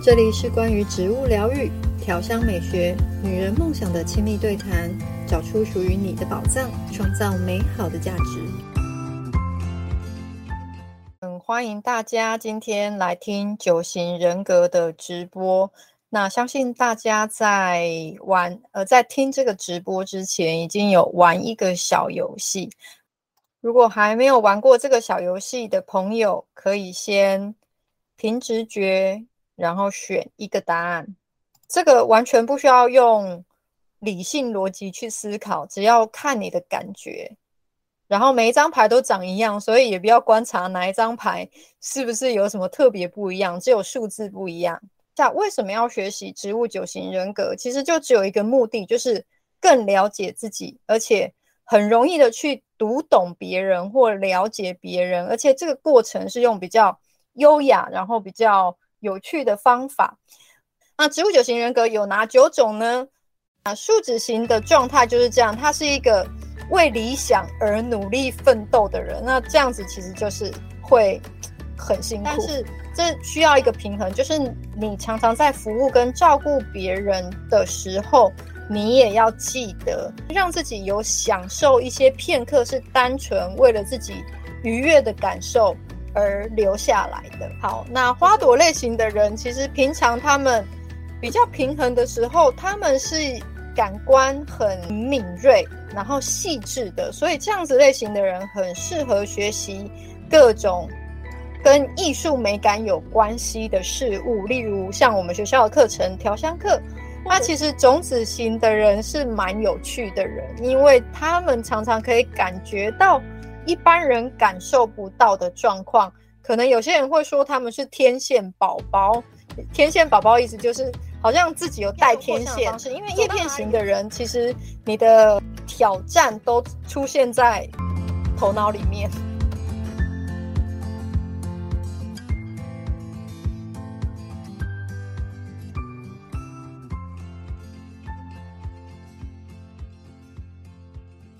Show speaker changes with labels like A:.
A: 這裡是關於植物療癒、調香美學、女人夢想的親密對談，找出屬於你的寶藏，創造美好的價值。嗯，歡迎大家今天來聽九型人格的直播。那相信大家在玩，呃，在聽這個直播之前，已經有玩一個小遊戲。如果還沒有玩過這個小遊戲的朋友，可以先憑直覺。然後選一個答案，這個完全不需要用理性邏輯去思考，只要看你的感覺。然後每一張牌都長一樣，所以也不要觀察哪一張牌是不是有什麼特別不一樣，只有數字不一樣。那為什麼要學習植物九型人格？其實就只有一個目的，就是更了解自己，而且很容易的去讀懂別人或了解別人，而且這個過程是用比較優雅，然後比較。有趣的方法。那植物九型人格有哪九種呢？啊，樹脂型的狀態就是這樣，他是一個為理想而努力奮鬥的人。那這樣子其實就是會很辛苦，但是這需要一個平衡，就是你常常在服務跟照顧別人的時候，你也要記得讓自己有享受一些片刻，是單純為了自己愉悅的感受。而留下來的。好，那花朵類型的人，其實平常他們比較平衡的時候，他們是感官很敏銳，然後細緻的，所以這樣子類型的人很適合學習各種跟藝術美感有關係的事物，例如像我們學校的課程調香課。那、嗯啊、其實種子型的人是蠻有趣的人，因為他們常常可以感覺到。一般人感受不到的狀況，可能有些人會說他們是天線寶寶。天線寶寶意思就是好像自己有帶天線，是因為葉片型的人，其實你的挑戰都出現在頭腦裡面。